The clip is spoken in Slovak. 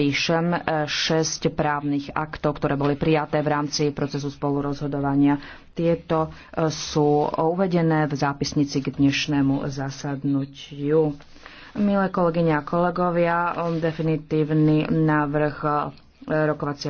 spíšem e, šesť právnych aktov, ktoré boli prijaté v rámci procesu spolurozhodovania. Tieto e, sú uvedené v zápisnici k dnešnému zasadnutiu. Milé kolegyne a kolegovia, definitívny návrh e, rokovacieho